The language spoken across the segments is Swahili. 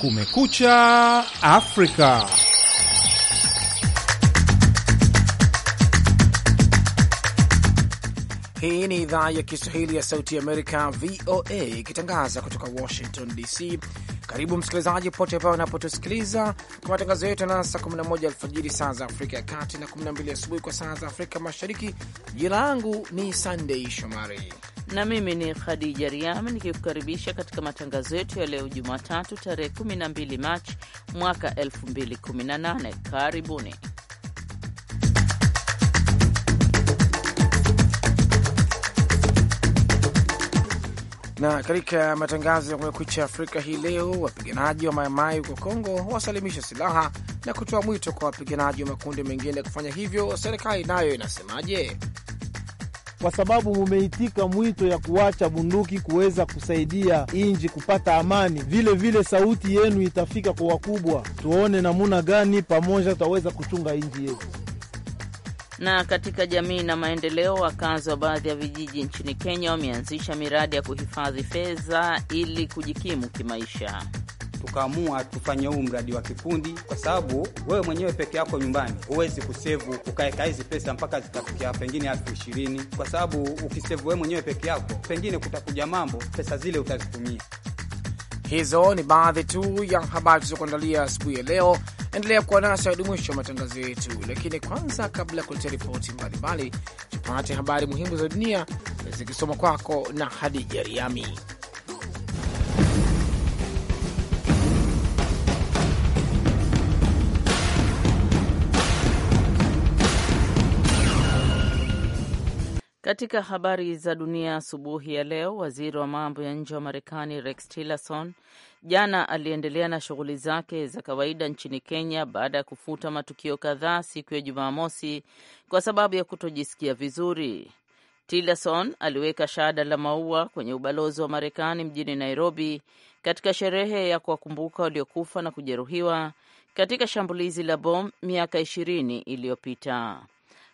Kumekucha Afrika. Hii ni idhaa ya Kiswahili ya Sauti ya Amerika, VOA, ikitangaza kutoka Washington DC. Karibu msikilizaji pote pale unapotusikiliza kwa matangazo yetu yanaanza saa 11 alfajiri saa za Afrika ya Kati na 12 asubuhi kwa saa za Afrika Mashariki. Jina langu ni Sandei Shomari na mimi ni Khadija Riami nikikukaribisha katika matangazo yetu ya leo Jumatatu tarehe 12 Machi mwaka 2018. Karibuni. Na katika matangazo ya Kumekucha Afrika hii leo, wapiganaji wa Maimai huko Kongo wasalimisha silaha na kutoa mwito kwa wapiganaji wa makundi mengine kufanya hivyo. Serikali nayo inasemaje? kwa sababu mumeitika mwito ya kuacha bunduki kuweza kusaidia inji kupata amani. Vile vile sauti yenu itafika kwa wakubwa, tuone namuna gani pamoja tutaweza kuchunga inji yetu. Na katika jamii na maendeleo, wakazi wa baadhi ya vijiji nchini Kenya wameanzisha miradi ya kuhifadhi fedha ili kujikimu kimaisha tukaamua tufanye huu mradi wa kikundi, kwa sababu wewe mwenyewe peke yako nyumbani huwezi kusevu ukaeka hizi pesa mpaka zikafikia pengine elfu ishirini kwa sababu ukisevu wewe mwenyewe peke yako, pengine kutakuja mambo, pesa zile utazitumia. Hizo ni baadhi tu ya habari tulizokuandalia asubuhi ya leo. Endelea kuwa nasi hadi mwisho wa matangazo yetu, lakini kwanza, kabla ya kuletea ripoti mbalimbali, tupate habari muhimu za dunia zikisoma kwako na Hadija Riami. Katika habari za dunia asubuhi ya leo, waziri wa mambo ya nje wa Marekani Rex Tillerson jana aliendelea na shughuli zake za kawaida nchini Kenya baada ya kufuta matukio kadhaa siku ya Jumamosi kwa sababu ya kutojisikia vizuri. Tillerson aliweka shada la maua kwenye ubalozi wa Marekani mjini Nairobi katika sherehe ya kuwakumbuka waliokufa na kujeruhiwa katika shambulizi la bomu miaka ishirini iliyopita.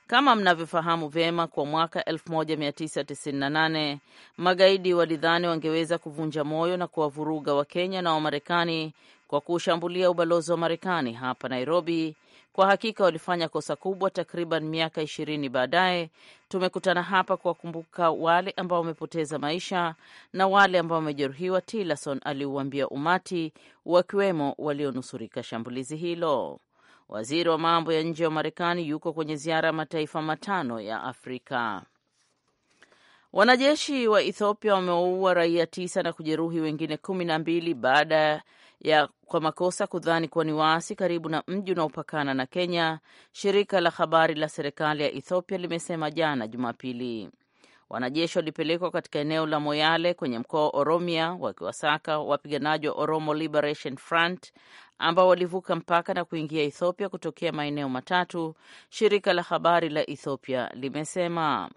Kama mnavyofahamu vyema, kwa mwaka 1998 magaidi walidhani wangeweza kuvunja moyo na kuwavuruga Wakenya na Wamarekani kwa kuushambulia ubalozi wa Marekani hapa Nairobi. Kwa hakika walifanya kosa kubwa. Takriban miaka ishirini baadaye tumekutana hapa kuwakumbuka wale ambao wamepoteza maisha na wale ambao wamejeruhiwa, Tillerson aliuambia umati, wakiwemo walionusurika shambulizi hilo. Waziri wa mambo ya nje wa Marekani yuko kwenye ziara ya mataifa matano ya Afrika. Wanajeshi wa Ethiopia wamewaua raia tisa na kujeruhi wengine kumi na mbili baada ya kwa makosa kudhani kuwa ni waasi karibu na mji unaopakana na Kenya, shirika la habari la serikali ya Ethiopia limesema jana Jumapili. Wanajeshi walipelekwa katika eneo la Moyale kwenye mkoa wa Oromia wakiwasaka wapiganaji wa Oromo Liberation Front ambao walivuka mpaka na kuingia Ethiopia kutokea maeneo matatu, shirika la habari la Ethiopia limesema.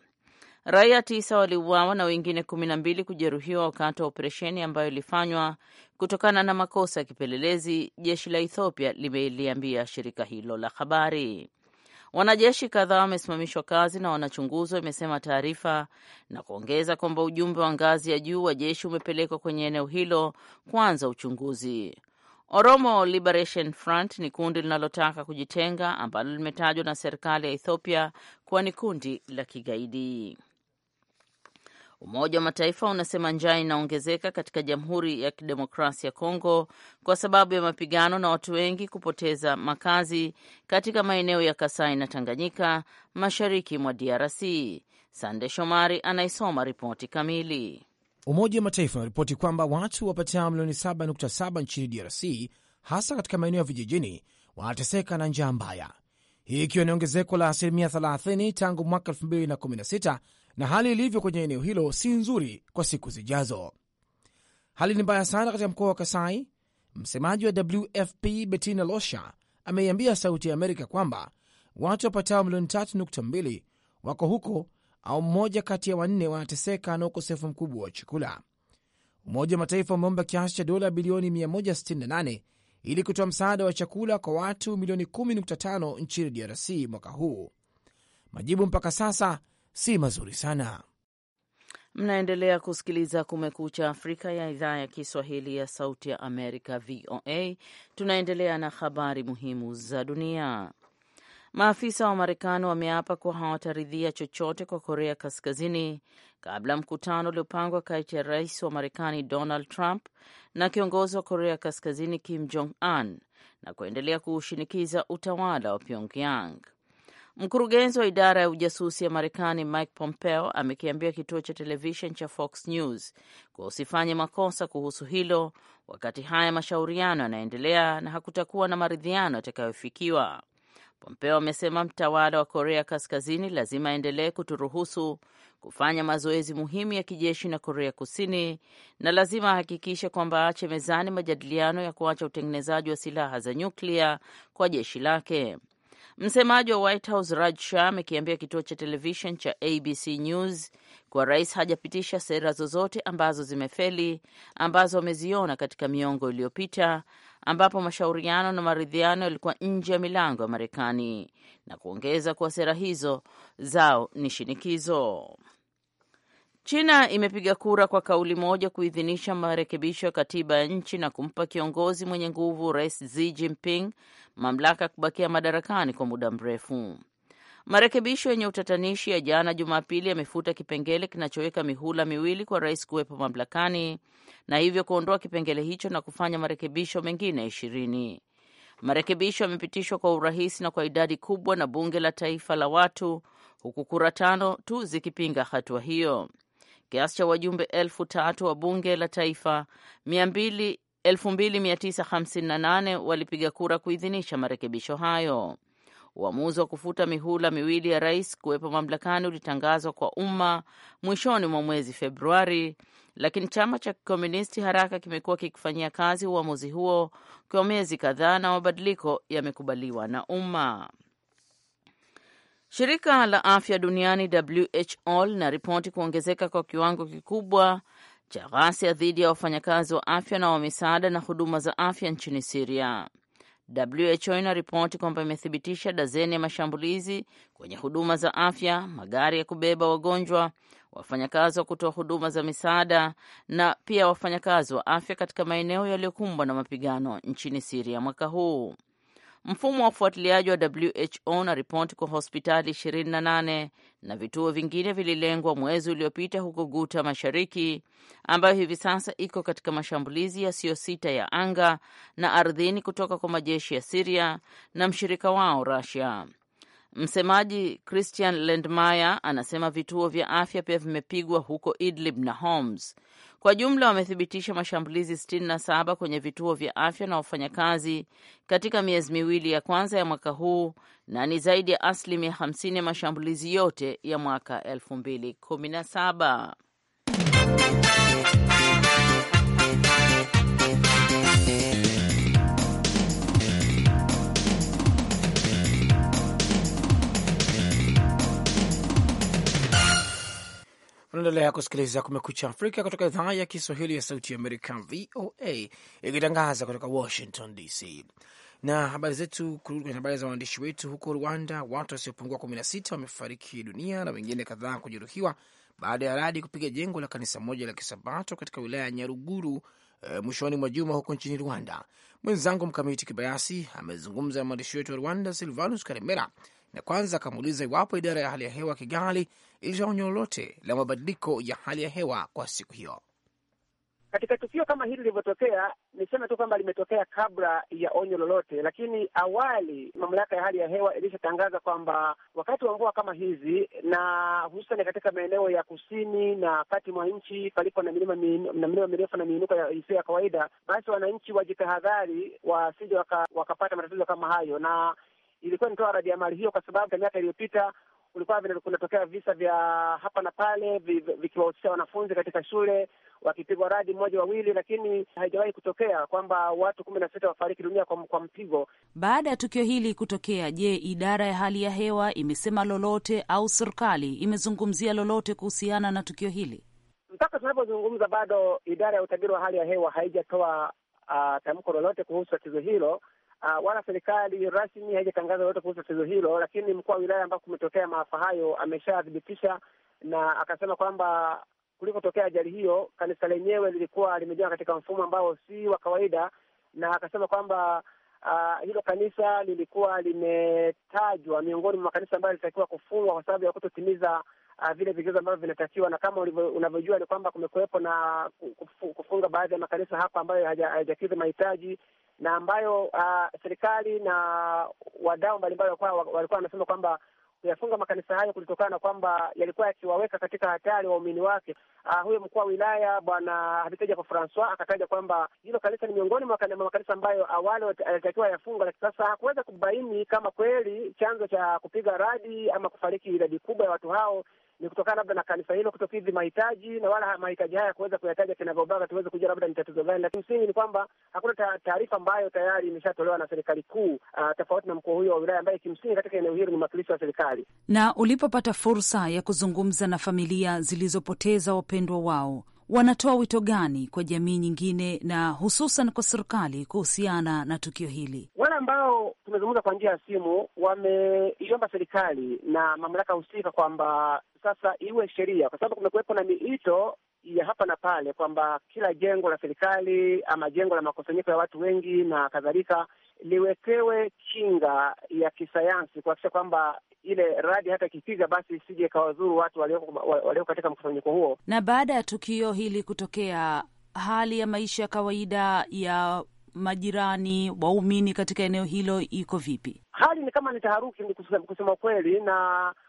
Raia tisa waliuawa na wengine kumi na mbili kujeruhiwa wakati wa operesheni ambayo ilifanywa kutokana na makosa ya kipelelezi, jeshi la Ethiopia limeliambia shirika hilo la habari. Wanajeshi kadhaa wamesimamishwa kazi na wanachunguzwa, imesema taarifa, na kuongeza kwamba ujumbe wa ngazi ya juu wa jeshi umepelekwa kwenye eneo hilo kuanza uchunguzi. Oromo Liberation Front ni kundi linalotaka kujitenga ambalo limetajwa na serikali ya Ethiopia kuwa ni kundi la kigaidi. Umoja wa Mataifa unasema njaa inaongezeka katika Jamhuri ya Kidemokrasia ya Kongo kwa sababu ya mapigano na watu wengi kupoteza makazi katika maeneo ya Kasai na Tanganyika, mashariki mwa DRC. Sande Shomari anaisoma ripoti kamili. Umoja wa Mataifa unaripoti kwamba watu wapatao milioni 7.7 nchini DRC, hasa katika maeneo ya vijijini, wanateseka na njaa mbaya, hii ikiwa ni ongezeko la asilimia 30 tangu mwaka 2016 na hali ilivyo kwenye eneo hilo si nzuri kwa siku zijazo. Hali ni mbaya sana katika mkoa wa Kasai. Msemaji wa WFP Bettina Losha ameiambia Sauti ya Amerika kwamba watu wapatao milioni 3.2 wako huko au mmoja kati ya wanne wanateseka na ukosefu mkubwa wa chakula. Umoja wa Mataifa umeomba kiasi cha dola bilioni 168 ili kutoa msaada wa chakula kwa watu milioni 10.5 nchini DRC mwaka huu. Majibu mpaka sasa si mazuri sana. Mnaendelea kusikiliza Kumekucha Afrika ya idhaa ya Kiswahili ya Sauti ya Amerika, VOA. Tunaendelea na habari muhimu za dunia. Maafisa wa Marekani wameapa kuwa hawataridhia chochote kwa Korea Kaskazini kabla mkutano uliopangwa kati ya rais wa Marekani Donald Trump na kiongozi wa Korea Kaskazini Kim Jong Un na kuendelea kuushinikiza utawala wa Pyongyang. Mkurugenzi wa idara ya ujasusi ya Marekani Mike Pompeo amekiambia kituo cha televishen cha Fox News kuwa usifanye makosa kuhusu hilo, wakati haya mashauriano yanaendelea na hakutakuwa na maridhiano yatakayofikiwa. Pompeo amesema mtawala wa Korea Kaskazini lazima aendelee kuturuhusu kufanya mazoezi muhimu ya kijeshi na Korea Kusini na lazima ahakikishe kwamba aache mezani majadiliano ya kuacha utengenezaji wa silaha za nyuklia kwa jeshi lake. Msemaji wa White House Raj Shah amekiambia kituo cha televishen cha ABC News kuwa rais hajapitisha sera zozote ambazo zimefeli ambazo wameziona katika miongo iliyopita ambapo mashauriano na maridhiano yalikuwa nje ya milango ya Marekani na kuongeza kuwa sera hizo zao ni shinikizo. China imepiga kura kwa kauli moja kuidhinisha marekebisho ya katiba ya nchi na kumpa kiongozi mwenye nguvu, Rais Xi Jinping, mamlaka ya kubakia madarakani kwa muda mrefu. Marekebisho yenye utatanishi ya jana Jumapili yamefuta kipengele kinachoweka mihula miwili kwa rais kuwepo mamlakani na hivyo kuondoa kipengele hicho na kufanya marekebisho mengine ishirini. Marekebisho yamepitishwa kwa urahisi na kwa idadi kubwa na bunge la taifa la watu, huku kura tano tu zikipinga hatua hiyo kiasi cha wajumbe elfu tatu wa bunge la taifa 2958 walipiga kura kuidhinisha marekebisho hayo. Uamuzi wa kufuta mihula miwili ya rais kuwepo mamlakani ulitangazwa kwa umma mwishoni mwa mwezi Februari, lakini chama cha kikomunisti haraka kimekuwa kikifanyia kazi uamuzi huo kwa miezi kadhaa na mabadiliko yamekubaliwa na umma. Shirika la afya duniani WHO linaripoti kuongezeka kwa kiwango kikubwa cha ghasia dhidi ya wafanyakazi wa afya na wa misaada na huduma za afya nchini Siria. WHO inaripoti kwamba imethibitisha dazeni ya mashambulizi kwenye huduma za afya, magari ya kubeba wagonjwa, wafanyakazi wa kutoa huduma za misaada na pia wafanyakazi wa afya katika maeneo yaliyokumbwa na mapigano nchini Siria mwaka huu. Mfumo wa ufuatiliaji wa WHO na ripoti kwa hospitali 28 na vituo vingine vililengwa mwezi uliopita huko Guta Mashariki, ambayo hivi sasa iko katika mashambulizi yasiyo sita ya anga na ardhini kutoka kwa majeshi ya Siria na mshirika wao Rusia. Msemaji Christian Lendmeier anasema vituo vya afya pia vimepigwa huko Idlib na Homs. Kwa jumla wamethibitisha mashambulizi 67 kwenye vituo vya afya na wafanyakazi katika miezi miwili ya kwanza ya mwaka huu na ni zaidi ya asilimia 50 ya mashambulizi yote ya mwaka 2017. Unaendelea kusikiliza Kumekucha Afrika kutoka idhaa ya Kiswahili ya Sauti ya Amerika, VOA, ikitangaza kutoka Washington DC. Na habari zetu, kurudi kwenye habari za waandishi wetu. Huko Rwanda, watu wasiopungua 16 wamefariki dunia na wengine kadhaa kujeruhiwa baada ya radi kupiga jengo la kanisa moja la Kisabato katika wilaya ya Nyaruguru e, mwishoni mwa juma huko nchini Rwanda. Mwenzangu Mkamiti Kibayasi amezungumza na mwandishi wetu wa Rwanda, Silvanus Karemera, na kwanza akamuuliza iwapo idara ya hali ya hewa Kigali ilitoa onyo lolote la mabadiliko ya hali ya hewa kwa siku hiyo. Katika tukio kama hili lilivyotokea, niseme tu kwamba limetokea kabla ya onyo lolote, lakini awali mamlaka ya hali ya hewa ilishatangaza kwamba wakati wa mvua kama hizi na hususani katika maeneo ya kusini na kati mwa nchi palipo na milima mirefu na miinuko isiyo ya kawaida, basi wananchi wajitahadhari wasije waka, wakapata matatizo kama hayo na ilikuwa nitoa radi ya mali hiyo, kwa sababu ya miaka iliyopita kulikuwa kunatokea visa vya hapa na pale vikiwahusisha wanafunzi katika shule wakipigwa radi mmoja wawili, lakini haijawahi kutokea kwamba watu kumi na sita wafariki dunia kwa, kwa mpigo. Baada ya tukio hili kutokea, je, idara ya hali ya hewa imesema lolote au serikali imezungumzia lolote kuhusiana na tukio hili? Mpaka tunavyozungumza bado idara ya utabiri wa hali ya hewa haijatoa uh, tamko lolote kuhusu tatizo hilo uh, wala serikali rasmi haijatangaza yote kuhusu tatizo hilo, lakini mkuu wa wilaya ambao kumetokea maafa hayo ameshathibitisha na akasema kwamba kulikotokea ajali hiyo kanisa lenyewe lilikuwa limejenga katika mfumo ambao si wa kawaida, na akasema kwamba uh, hilo kanisa lilikuwa limetajwa miongoni mwa makanisa ambayo yalitakiwa kufungwa kwa sababu ya kutotimiza uh, vile vigezo ambavyo vinatakiwa, na kama unavyojua ni kwamba kumekuwepo na kufunga baadhi ya makanisa hapa ambayo hayajakidhi mahitaji na ambayo uh, serikali na wadau mbalimbali walikuwa wanasema kwamba kuyafunga makanisa hayo kulitokana na kwamba yalikuwa yakiwaweka katika hatari waumini wake. Uh, huyo mkuu wa wilaya Bwana Habitaja kwa Francois akataja kwamba hilo kanisa ni miongoni mwa makanisa ambayo awali alitakiwa yafunga, lakini sasa hakuweza kubaini kama kweli chanzo cha kupiga radi ama kufariki idadi kubwa ya watu hao ni kutokana labda na kanisa hilo kutokidhi mahitaji na wala mahitaji haya kuweza kuyataja kinagaubaga tuweze kujua labda ni tatizo gani, lakini msingi ni kwamba hakuna taarifa ambayo tayari imeshatolewa na serikali kuu, uh, tofauti na mkuu huyo wa wilaya ambaye kimsingi katika eneo hilo ni mwakilishi wa serikali mbalimbali. Na ulipopata fursa ya kuzungumza na familia zilizopoteza wapendwa wao, wanatoa wito gani kwa jamii nyingine na hususan kwa serikali kuhusiana na tukio hili? Wale ambao tumezungumza kwa njia ya simu wameiomba serikali na mamlaka husika kwamba sasa iwe sheria, kwa sababu kumekuwepo na miito ya hapa na pale kwamba kila jengo la serikali ama jengo la makusanyiko ya watu wengi na kadhalika liwekewe kinga ya kisayansi kuhakikisha kwamba ile radi hata ikipiga basi isije ikawazuru watu walioko katika mkusanyiko huo. Na baada ya tukio hili kutokea, hali ya maisha ya kawaida ya majirani waumini katika eneo hilo iko vipi? Hali ni kama ni taharuki, ni kusema kweli, na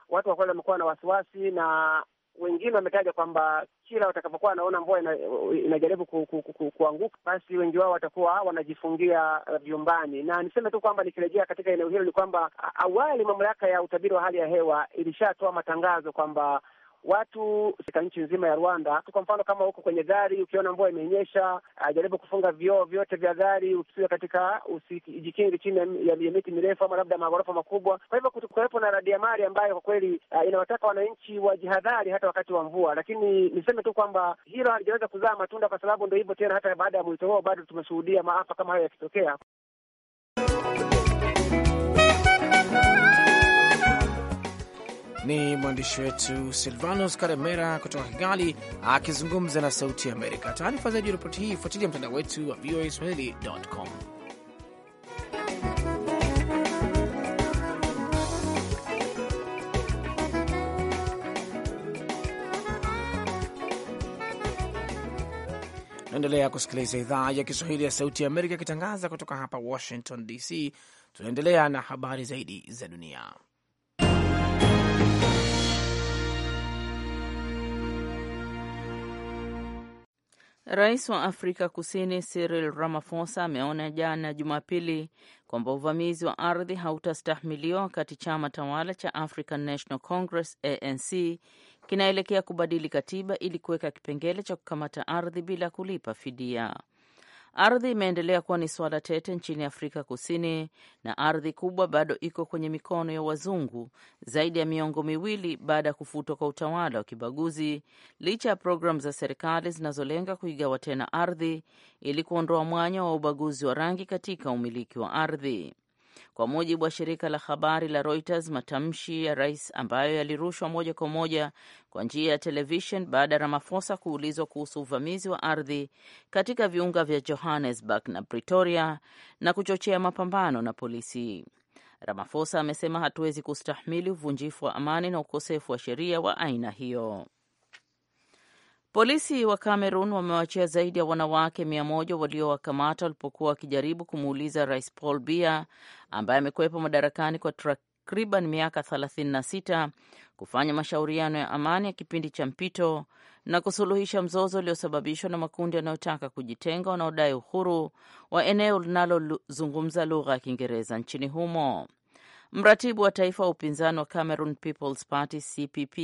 watu wa wamekuwa na wasiwasi na wengine wametaja kwamba kila watakapokuwa wanaona mvua ina, inajaribu ku, ku, ku, ku, kuanguka basi wengi wao watakuwa wanajifungia uh, vyumbani, na niseme tu kwamba nikirejea katika eneo hilo ni kwamba awali mamlaka ya utabiri wa hali ya hewa ilishatoa matangazo kwamba watu katika nchi nzima ya Rwanda. Kwa mfano kama huko kwenye gari, ukiona mvua imenyesha, ajaribu kufunga vioo vyote vya gari, usiwe katika, usijikingi chini ya miti mirefu ama labda maghorofa makubwa. Kwa hivyo kuwepo na radiamali ambayo kwa kweli ah, inawataka wananchi wajihadhari hata wakati wa mvua, lakini niseme tu kwamba hilo halijaweza kuzaa matunda, kwa sababu ndo hivyo tena, hata baada ya mwito huo bado tumeshuhudia maafa kama hayo yakitokea. Ni mwandishi wetu Silvanus Karemera kutoka Kigali akizungumza na Sauti ya Amerika. Taarifa zaidi ya ripoti hii fuatilia mtandao wetu wa VOA swahili.com. Naendelea kusikiliza idhaa ya Kiswahili ya Sauti ya Amerika ikitangaza kutoka hapa Washington DC. Tunaendelea na habari zaidi za dunia. Rais wa Afrika Kusini Cyril Ramaphosa ameona jana Jumapili kwamba uvamizi wa ardhi hautastahimiliwa wakati chama tawala cha African National Congress ANC kinaelekea kubadili katiba ili kuweka kipengele cha kukamata ardhi bila kulipa fidia. Ardhi imeendelea kuwa ni swala tete nchini Afrika Kusini, na ardhi kubwa bado iko kwenye mikono ya wazungu zaidi ya miongo miwili baada ya kufutwa kwa utawala wa kibaguzi, licha ya programu za serikali zinazolenga kuigawa tena ardhi ili kuondoa mwanya wa ubaguzi wa rangi katika umiliki wa ardhi. Kwa mujibu wa shirika la habari la Reuters, matamshi ya rais ambayo yalirushwa moja kwa moja kwa njia ya televishen baada ya ramafosa kuulizwa kuhusu uvamizi wa ardhi katika viunga vya Johannesburg na Pretoria na kuchochea mapambano na polisi. ramafosa amesema, hatuwezi kustahimili uvunjifu wa amani na ukosefu wa sheria wa aina hiyo. Polisi wa Cameroon wamewachia zaidi ya wanawake mia moja waliowakamata walipokuwa wakijaribu kumuuliza Rais Paul Biya ambaye amekuwepo madarakani kwa takriban miaka 36 kufanya mashauriano ya amani ya kipindi cha mpito na kusuluhisha mzozo uliosababishwa na makundi yanayotaka kujitenga wanaodai uhuru wa eneo linalozungumza lugha ya Kiingereza nchini humo mratibu wa taifa wa upinzani wa Cameroon People's Party CPP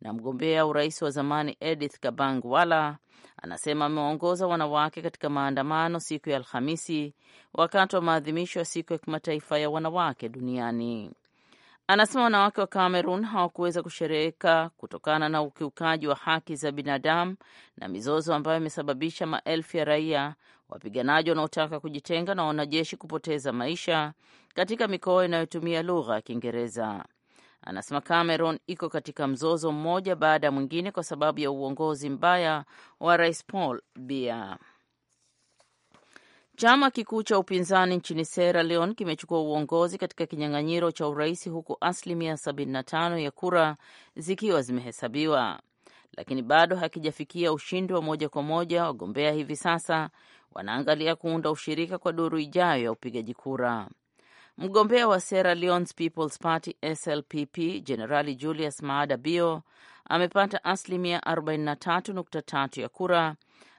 na mgombea urais wa zamani Edith Kabangwala anasema amewaongoza wanawake katika maandamano siku ya Alhamisi wakati wa maadhimisho ya siku ya kimataifa ya wanawake duniani. Anasema wanawake wa Cameroon hawakuweza kushereheka kutokana na ukiukaji wa haki za binadamu na mizozo ambayo imesababisha maelfu ya raia wapiganaji wanaotaka kujitenga na wanajeshi kupoteza maisha katika mikoa inayotumia lugha ya Kiingereza. Anasema Cameron iko katika mzozo mmoja baada ya mwingine kwa sababu ya uongozi mbaya wa Rais Paul bia Chama kikuu cha upinzani nchini Sierra Leone kimechukua uongozi katika kinyang'anyiro cha urais huku asilimia 75 ya kura zikiwa zimehesabiwa lakini bado hakijafikia ushindi wa moja kwa moja. Wagombea hivi sasa wanaangalia kuunda ushirika kwa duru ijayo ya upigaji kura. Mgombea wa Sierra Leone's People's Party SLPP Jenerali Julius Maada Bio amepata asilimia 43.3 ya kura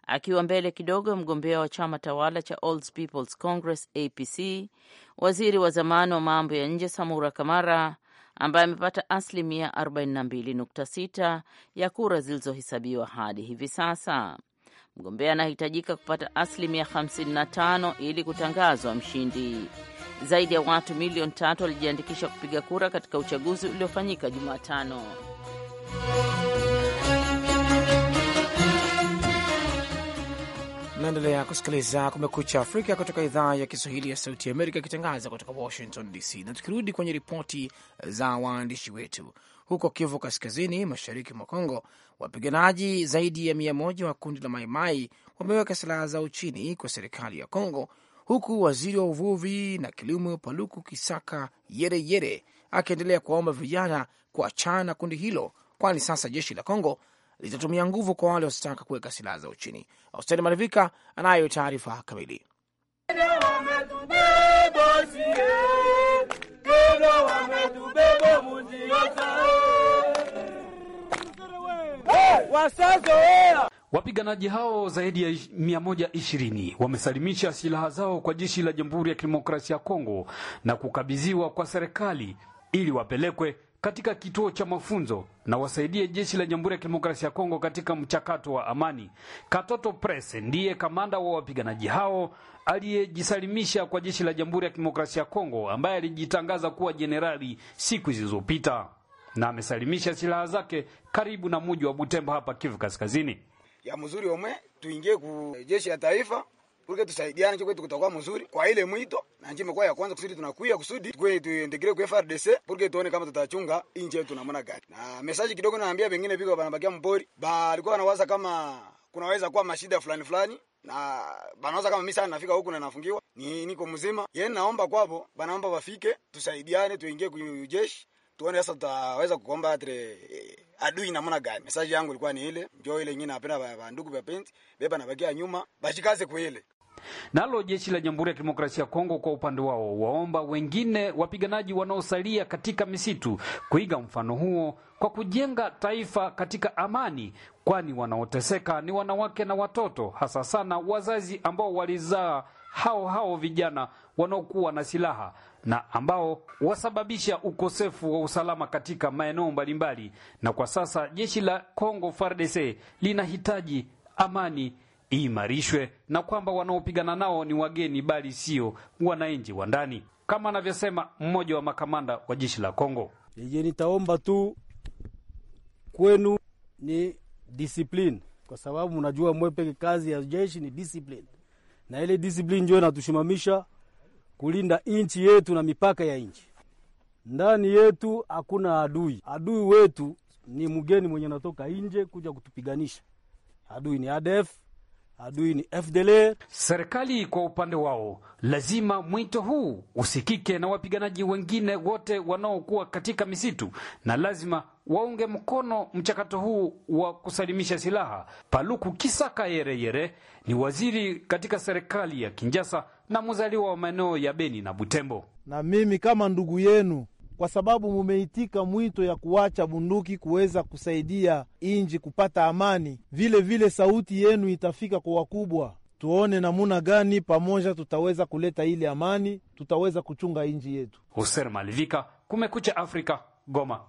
akiwa mbele kidogo ya mgombea wa chama tawala cha Old People's Congress APC, waziri wa zamani wa mambo ya nje Samura Kamara ambaye amepata asilimia 42.6 ya kura zilizohesabiwa hadi hivi sasa. Mgombea anahitajika kupata asilimia 55 ili kutangazwa mshindi. Zaidi ya watu milioni tatu walijiandikisha kupiga kura katika uchaguzi uliofanyika Jumatano. Unaendelea kusikiliza Kumekucha Afrika kutoka idhaa ya Kiswahili ya Sauti ya Amerika ikitangaza kutoka Washington DC. Na tukirudi kwenye ripoti za waandishi wetu, huko Kivu Kaskazini, mashariki mwa Kongo, wapiganaji zaidi ya mia moja wa kundi la Maimai wameweka silaha zao chini kwa serikali ya Kongo, huku waziri wa uvuvi na kilimo Paluku Kisaka Yereyere akiendelea kuwaomba vijana kuachana na kundi hilo, kwani sasa jeshi la Kongo litatumia nguvu kwa wale wasitaka kuweka silaha zao chini. Austeli Marivika anayo taarifa kamili. Wapiganaji hao zaidi ya 120 wamesalimisha silaha zao kwa jeshi la Jamhuri ya Kidemokrasia ya Kongo na kukabidhiwa kwa serikali ili wapelekwe katika kituo cha mafunzo na wasaidie jeshi la Jamhuri ya Kidemokrasia ya Kongo katika mchakato wa amani. Katoto Press ndiye kamanda wa wapiganaji hao aliyejisalimisha kwa jeshi la Jamhuri ya Kidemokrasia ya Kongo, ambaye alijitangaza kuwa jenerali siku zilizopita na amesalimisha silaha zake karibu na muji wa Butembo hapa Kivu Kaskazini. ya mzuri omwe tuingie ku jeshi ya taifa Porque tusaidiane kwetu kutakuwa mzuri kwa ile mwito na nchi imekuwa ya kwanza kusudi tunakuya kusudi tukwe tuendelee kwa FRDC porque tuone kama tutachunga nje yetu namna gani. Na message kidogo naambia wengine biko wanabakia mpori. Ba alikuwa anawaza kama kunaweza kuwa mashida fulani fulani na banaweza kama mimi sana nafika huku na nafungiwa. Ni niko mzima. Yeye naomba kwapo banaomba wafike tusaidiane tuingie kwenye jeshi. Tuone sasa tutaweza kuomba atre eh, adui namna gani. Message yangu ilikuwa ni ile, njoo ile nyingine napenda ba ndugu ba penzi beba na bakia nyuma, bashikaze kwa ile. Nalo jeshi la Jamhuri ya Kidemokrasia ya Kongo kwa upande wao waomba wengine wapiganaji wanaosalia katika misitu kuiga mfano huo kwa kujenga taifa katika amani, kwani wanaoteseka ni wanawake na watoto, hasa sana wazazi ambao walizaa hao hao vijana wanaokuwa na silaha na ambao wasababisha ukosefu wa usalama katika maeneo mbalimbali. Na kwa sasa jeshi la Kongo FARDC linahitaji amani iimarishwe na kwamba wanaopigana nao ni wageni bali sio wananchi wa ndani, kama anavyosema mmoja wa makamanda wa jeshi la Kongo. Yeye nitaomba tu kwenu ni discipline, kwa sababu mnajua mwepeke kazi ya jeshi ni discipline, na ile discipline ndio inatushimamisha kulinda nchi yetu na mipaka ya nchi. Ndani yetu hakuna adui. Adui wetu ni mgeni mwenye anatoka nje kuja kutupiganisha. Adui ni ADF adui ni FDLR. Serikali kwa upande wao lazima mwito huu usikike na wapiganaji wengine wote wanaokuwa katika misitu na lazima waunge mkono mchakato huu wa kusalimisha silaha. Paluku Kisaka Yereyere ni waziri katika serikali ya Kinjasa na mzaliwa wa maeneo ya Beni na Butembo. Na mimi kama ndugu yenu kwa sababu mumeitika mwito ya kuacha bunduki kuweza kusaidia inji kupata amani. Vile vile sauti yenu itafika kwa wakubwa, tuone namuna gani pamoja tutaweza kuleta ile amani, tutaweza kuchunga inji yetu. Hoser Malivika, Kumekucha Afrika, Goma.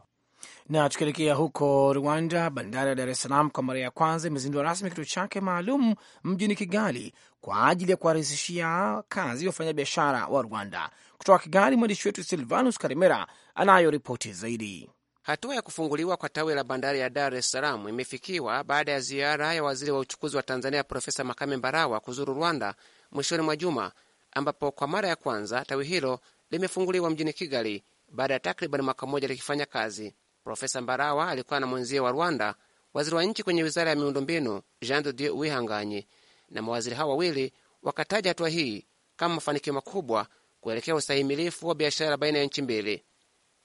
Na tukielekea huko Rwanda, bandari ya Dar es Salaam kwa mara ya kwanza imezindua rasmi kituo chake maalum mjini Kigali kwa ajili ya kuwarahisishia kazi wafanyabiashara wa Rwanda. Kutoka Kigali, mwandishi wetu Silvanus Karimera anayo ripoti zaidi. Hatua ya kufunguliwa kwa tawi la bandari ya Dar es Salaam imefikiwa baada ya ziara ya waziri wa uchukuzi wa Tanzania Profesa Makame Mbarawa kuzuru Rwanda mwishoni mwa juma, ambapo kwa mara ya kwanza tawi hilo limefunguliwa mjini Kigali baada ya takriban mwaka mmoja likifanya kazi. Profesa Mbarawa alikuwa na mwenzie wa Rwanda, waziri wa nchi kwenye wizara ya miundombinu Jean de Dieu Uwihanganyi, na mawaziri hao wawili wakataja hatua hii kama mafanikio makubwa kuelekea ustahimilifu wa biashara baina ya nchi mbili.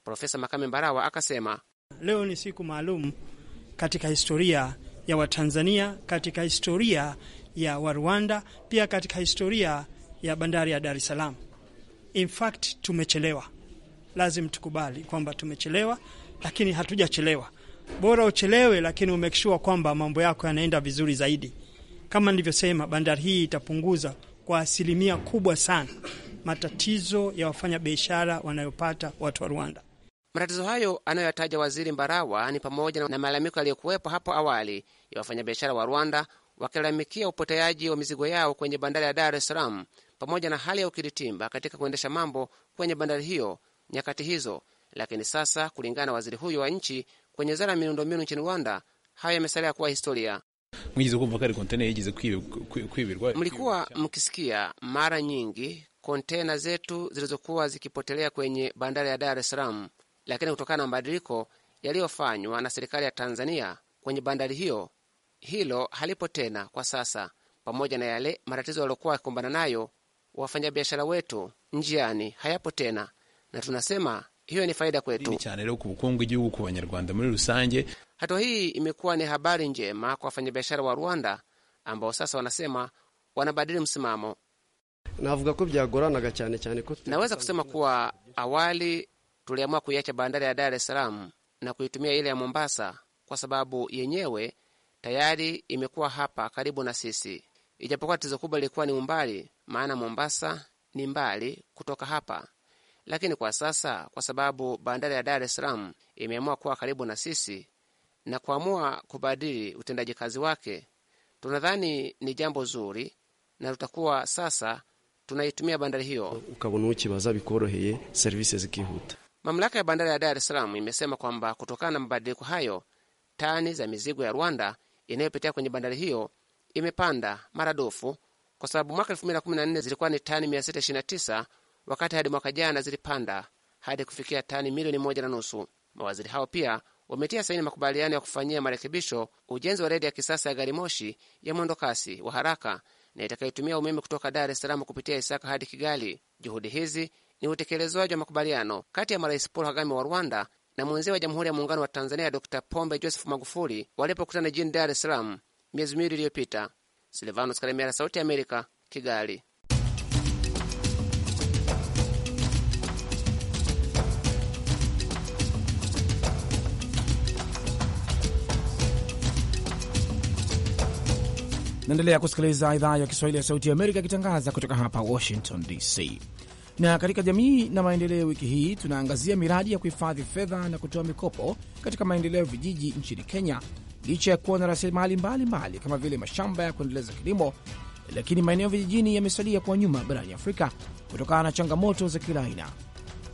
Profesa Makame Mbarawa akasema leo ni siku maalum katika historia ya Watanzania, katika historia ya Warwanda, pia katika historia ya bandari ya Dar es Salaam. In fact tumechelewa, lazim tukubali kwamba tumechelewa, lakini hatujachelewa. Bora uchelewe, lakini umekishua kwamba mambo yako yanaenda vizuri zaidi. Kama nilivyosema, bandari hii itapunguza kwa asilimia kubwa sana matatizo ya wafanyabiashara wanayopata watu wa Rwanda. Matatizo hayo anayoyataja Waziri Mbarawa ni pamoja na malalamiko yaliyokuwepo hapo awali ya wafanyabiashara wa Rwanda wakilalamikia upoteaji wa mizigo yao kwenye bandari ya Dar es Salaam pamoja na hali ya ukiritimba katika kuendesha mambo kwenye bandari hiyo nyakati hizo. Lakini sasa, kulingana na waziri huyo wa nchi kwenye zara ya miundombinu nchini Rwanda, hayo yamesalia kuwa historia. Mlikuwa mkisikia mara nyingi kontena zetu zilizokuwa zikipotelea kwenye bandari ya Dar es Salaam, lakini kutokana na mabadiliko yaliyofanywa na serikali ya Tanzania kwenye bandari hiyo, hilo halipo tena kwa sasa. Pamoja na yale matatizo yaliokuwa wakikumbana nayo wafanyabiashara wetu njiani, hayapo tena, na tunasema hiyo ni faida kwetu. Hatua hii imekuwa ni habari njema kwa wafanyabiashara wa Rwanda ambao sasa wanasema wanabadili msimamo navuga ko byagoranaga cyane cyane ko naweza kusema kuwa awali tuliamua kuiacha bandari ya Dar es Salaam na kuitumia ile ya Mombasa kwa sababu yenyewe tayari imekuwa hapa karibu na sisi, ijapokuwa tatizo kubwa lilikuwa ni umbali, maana Mombasa ni mbali kutoka hapa. Lakini kwa sasa, kwa sababu bandari ya Dar es Salaam imeamua kuwa karibu na sisi na kuamua kubadili utendaji kazi wake, tunadhani ni jambo zuri na tutakuwa sasa tunaitumia bandari hiyo. Mamlaka ya bandari ya Dar es Salaam imesema kwamba kutokana na mabadiliko hayo, tani za mizigo ya Rwanda inayopitia kwenye bandari hiyo imepanda maradufu, kwa sababu mwaka 2014 zilikuwa ni tani 629 wakati hadi mwaka jana zilipanda hadi kufikia tani milioni moja na nusu. Mawaziri hao pia wametia saini makubaliano ya kufanyia marekebisho ujenzi wa reli ya kisasa ya gari moshi ya kasi wa haraka na itakayotumia umeme kutoka Dar es Salaam kupitia Isaka hadi Kigali. Juhudi hizi ni utekelezwaji wa makubaliano kati ya marais Paul Kagame wa Rwanda na mwenzie wa Jamhuri ya Muungano wa Tanzania Dr Pombe Joseph Magufuli walipokutana jijini Dar es Salaam miezi miwili iliyopita. Silvanos Karemera, Sauti ya Amerika, Kigali. Naendelea kusikiliza idhaa ya Kiswahili ya Sauti ya Amerika ikitangaza kutoka hapa Washington DC. Na katika jamii na maendeleo, wiki hii tunaangazia miradi ya kuhifadhi fedha na kutoa mikopo katika maendeleo ya vijiji nchini Kenya, licha ya kuwa na rasilimali mbalimbali kama vile mashamba ya kuendeleza kilimo, lakini maeneo vijijini yamesalia kwa nyuma barani Afrika kutokana na changamoto za kila aina.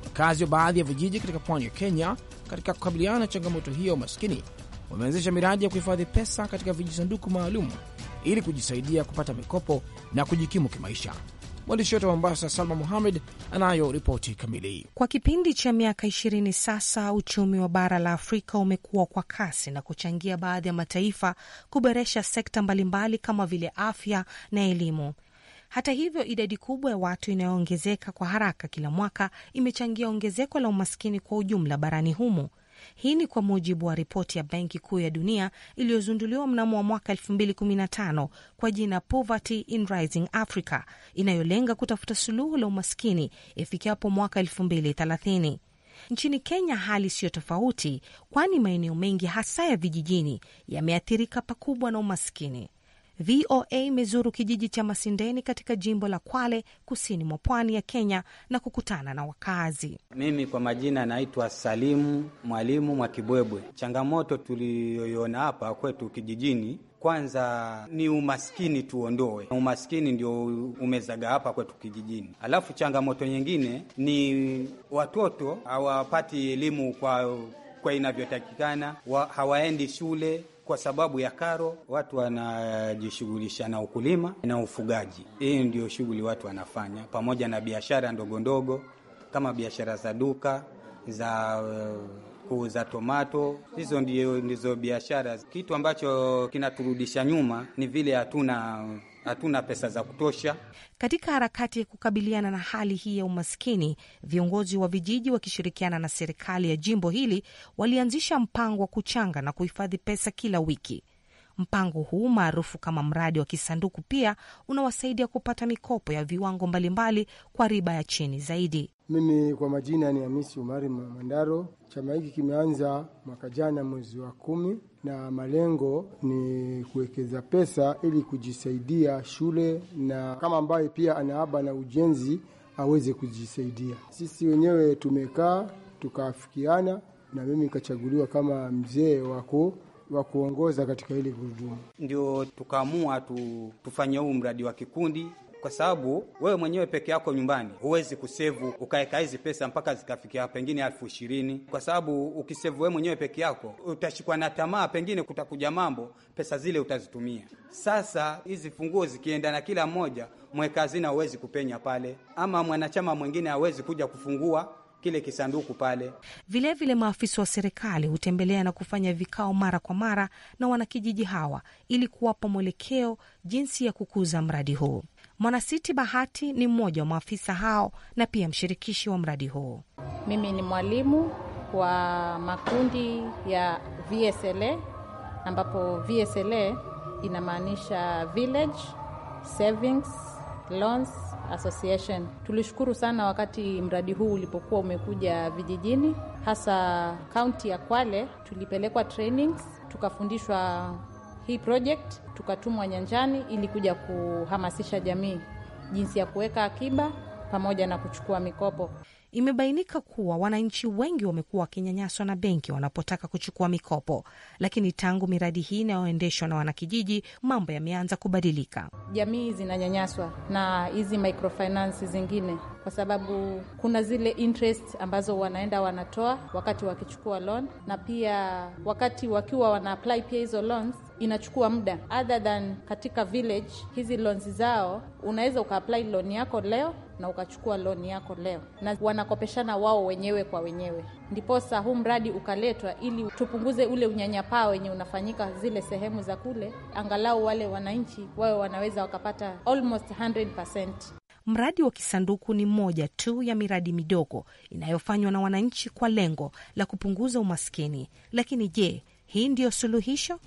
Wakazi wa baadhi ya vijiji katika pwani ya Kenya, katika kukabiliana na changamoto hiyo umaskini, wameanzisha miradi ya kuhifadhi pesa katika vijisanduku maalum ili kujisaidia kupata mikopo na kujikimu kimaisha. Mwandishi wetu wa Mombasa, Salma Muhamed, anayo ripoti kamili. Kwa kipindi cha miaka ishirini sasa, uchumi wa bara la Afrika umekuwa kwa kasi na kuchangia baadhi ya mataifa kuboresha sekta mbalimbali kama vile afya na elimu. Hata hivyo, idadi kubwa ya watu inayoongezeka kwa haraka kila mwaka imechangia ongezeko la umaskini kwa ujumla barani humo hii ni kwa mujibu wa ripoti ya Benki Kuu ya Dunia iliyozunduliwa mnamo wa mwaka 2015 kwa jina Poverty in Rising Africa, inayolenga kutafuta suluhu la umaskini ifikapo mwaka 2030. Nchini Kenya hali siyo tofauti, kwani maeneo mengi hasa ya vijijini yameathirika pakubwa na umaskini. VOA imezuru kijiji cha Masindeni katika jimbo la Kwale, kusini mwa pwani ya Kenya, na kukutana na wakazi. Mimi kwa majina naitwa Salimu Mwalimu Mwakibwebwe. Changamoto tuliyoiona hapa kwetu kijijini kwanza ni umaskini, tuondoe umaskini, ndio umezaga hapa kwetu kijijini. Alafu changamoto nyingine ni watoto hawapati elimu kwa kwa inavyotakikana, hawaendi shule kwa sababu ya karo, watu wanajishughulisha na ukulima na ufugaji. Hii ndio shughuli watu wanafanya, pamoja na biashara ndogondogo kama biashara za duka za uh, kuuza tomato. Hizo ndizo, ndizo biashara. Kitu ambacho kinaturudisha nyuma ni vile hatuna hatuna pesa za kutosha. Katika harakati ya kukabiliana na hali hii ya umaskini, viongozi wa vijiji wakishirikiana na serikali ya jimbo hili walianzisha mpango wa kuchanga na kuhifadhi pesa kila wiki. Mpango huu maarufu kama mradi wa kisanduku pia unawasaidia kupata mikopo ya viwango mbalimbali kwa riba ya chini zaidi. Mimi kwa majina ni Hamisi Umari Mandaro. Chama hiki kimeanza mwaka jana mwezi wa kumi, na malengo ni kuwekeza pesa ili kujisaidia shule, na kama ambaye pia anaaba na ujenzi aweze kujisaidia. Sisi wenyewe tumekaa tukaafikiana, na mimi nikachaguliwa kama mzee wako wa kuongoza katika hili gurudumu. Ndio tukaamua tu, tufanye huu mradi wa kikundi kwa sababu wewe mwenyewe peke yako nyumbani huwezi kusevu ukaweka hizi pesa mpaka zikafikia pengine elfu ishirini kwa sababu ukisevu wewe mwenyewe peke yako utashikwa na tamaa, pengine kutakuja mambo, pesa zile utazitumia. Sasa hizi funguo zikienda na kila mmoja, mweka hazina huwezi kupenya pale, ama mwanachama mwingine hawezi kuja kufungua kile kisanduku pale. Vilevile, maafisa wa serikali hutembelea na kufanya vikao mara kwa mara na wanakijiji hawa ili kuwapa mwelekeo jinsi ya kukuza mradi huu. Mwanasiti Bahati ni mmoja wa maafisa hao na pia mshirikishi wa mradi huu. Mimi ni mwalimu wa makundi ya VSLA, ambapo VSLA inamaanisha Village Savings Loans Association. Tulishukuru sana wakati mradi huu ulipokuwa umekuja vijijini, hasa kaunti ya Kwale. Tulipelekwa trainings, tukafundishwa hii project, tukatumwa nyanjani ili kuja kuhamasisha jamii jinsi ya kuweka akiba pamoja na kuchukua mikopo imebainika kuwa wananchi wengi wamekuwa wakinyanyaswa na benki wanapotaka kuchukua mikopo, lakini tangu miradi hii inayoendeshwa na wanakijiji, mambo yameanza kubadilika. Jamii zinanyanyaswa na hizi microfinance zingine, kwa sababu kuna zile interest ambazo wanaenda wanatoa wakati wakichukua loan, na pia wakati wakiwa wana apply pia hizo loans inachukua muda other than katika village. Hizi loans zao unaweza ukaapply loan yako leo na ukachukua loan yako leo, na wanakopeshana wao wenyewe kwa wenyewe, ndiposa huu mradi ukaletwa ili tupunguze ule unyanyapaa wenye unafanyika zile sehemu za kule, angalau wale wananchi wawe wanaweza wakapata almost 100%. Mradi wa kisanduku ni moja tu ya miradi midogo inayofanywa na wananchi kwa lengo la kupunguza umaskini. Lakini je, hii ndiyo suluhisho?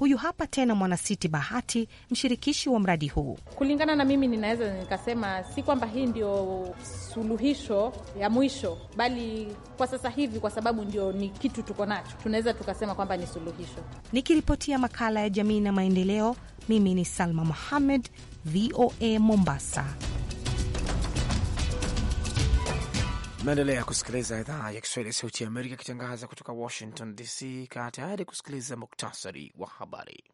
Huyu hapa tena Mwanasiti Bahati, mshirikishi wa mradi huu. Kulingana na mimi, ninaweza nikasema si kwamba hii ndio suluhisho ya mwisho, bali kwa sasa hivi, kwa sababu ndio ni kitu tuko nacho, tunaweza tukasema kwamba ni suluhisho. Nikiripotia makala ya jamii na maendeleo, mimi ni Salma Mohamed, VOA Mombasa. Naendelea kusikiliza idhaa ya Kiswahili ya Sauti ya Amerika ikitangaza kutoka Washington DC. Kaa tayari kusikiliza muktasari wa habari.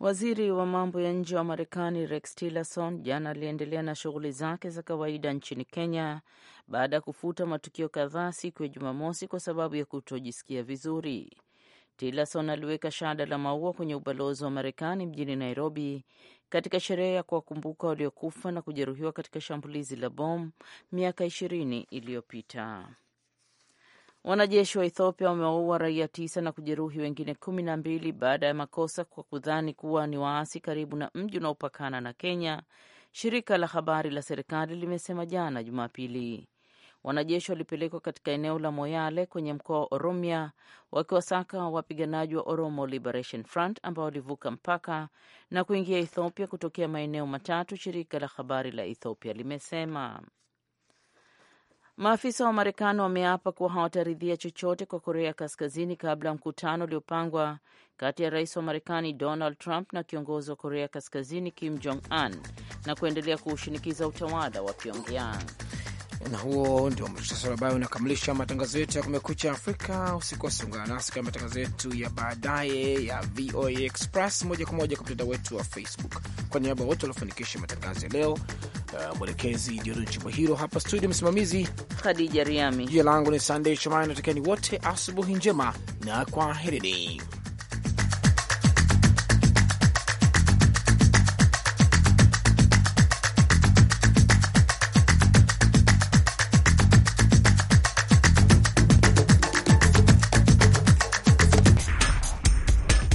Waziri wa mambo ya nje wa Marekani Rex Tillerson jana aliendelea na shughuli zake za kawaida nchini Kenya baada ya kufuta matukio kadhaa siku ya Jumamosi kwa sababu ya kutojisikia vizuri. Tillerson aliweka shada la maua kwenye ubalozi wa Marekani mjini Nairobi katika sherehe ya kuwakumbuka waliokufa na kujeruhiwa katika shambulizi la bomu miaka ishirini iliyopita. Wanajeshi wa Ethiopia wamewaua raia tisa na kujeruhi wengine kumi na mbili baada ya makosa kwa kudhani kuwa ni waasi karibu na mji unaopakana na Kenya, shirika la habari la serikali limesema jana Jumapili. Wanajeshi walipelekwa katika eneo la Moyale kwenye mkoa wa Oromia wakiwasaka wapiganaji wa Oromo Liberation Front ambao walivuka mpaka na kuingia Ethiopia kutokea maeneo matatu, shirika la habari la Ethiopia limesema. Maafisa wa Marekani wameapa kuwa hawataridhia chochote kwa Korea Kaskazini kabla ya mkutano uliopangwa kati ya rais wa Marekani Donald Trump na kiongozi wa Korea Kaskazini Kim Jong Un na kuendelea kuushinikiza utawala wa Pyongyang na huo ndio muhtasari ambayo unakamilisha matangazo yetu ya Kumekucha Afrika. Usikose ungana nasi katika matangazo yetu ya baadaye ya VOA Express moja kwa moja kwa mtandao wetu wa Facebook. Kwa niaba ya wote waliofanikisha matangazo ya leo, uh, mwelekezi Diodon Chibahiro hapa studio, msimamizi Khadija Riami, jina langu ni Sandey Shomani, natakieni wote asubuhi njema na kwaherini.